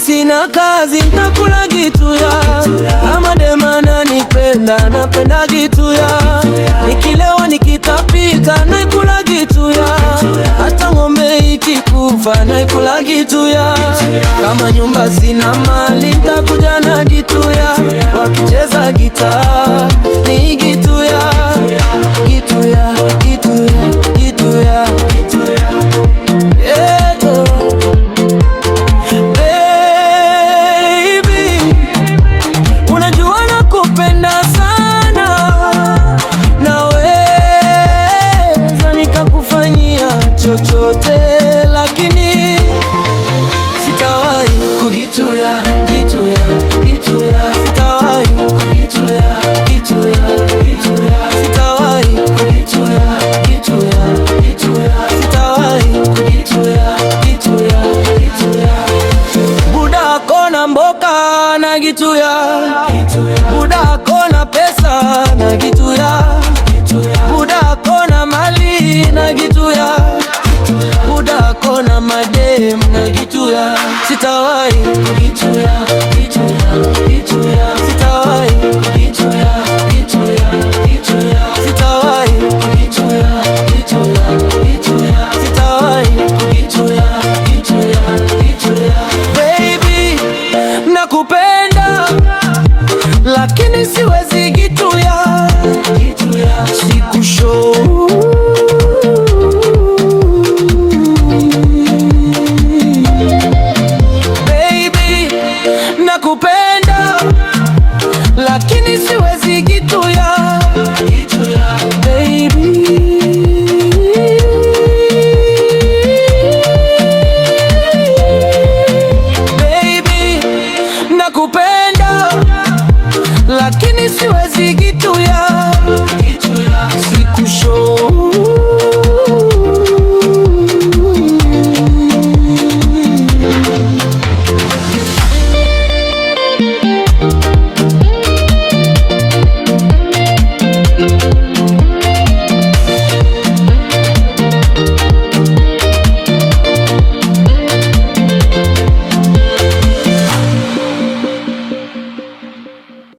sina kazi nakula gituya, kama dema nanipenda napenda gituya, nikilewa nikitapika naikula gituya, hata ng'ombe ikikufa naikula gituya, kama nyumba sina mali ntakuja na gituya, wakicheza gitaa chochote, lakini sitawahi kujitwaa, sitawahi budako na mboka na gituya budako na pesa na gituya mnajitula, sitawahi kujitula kupenda lakini siwezi gituya Nakupenda lakini siwezi gituya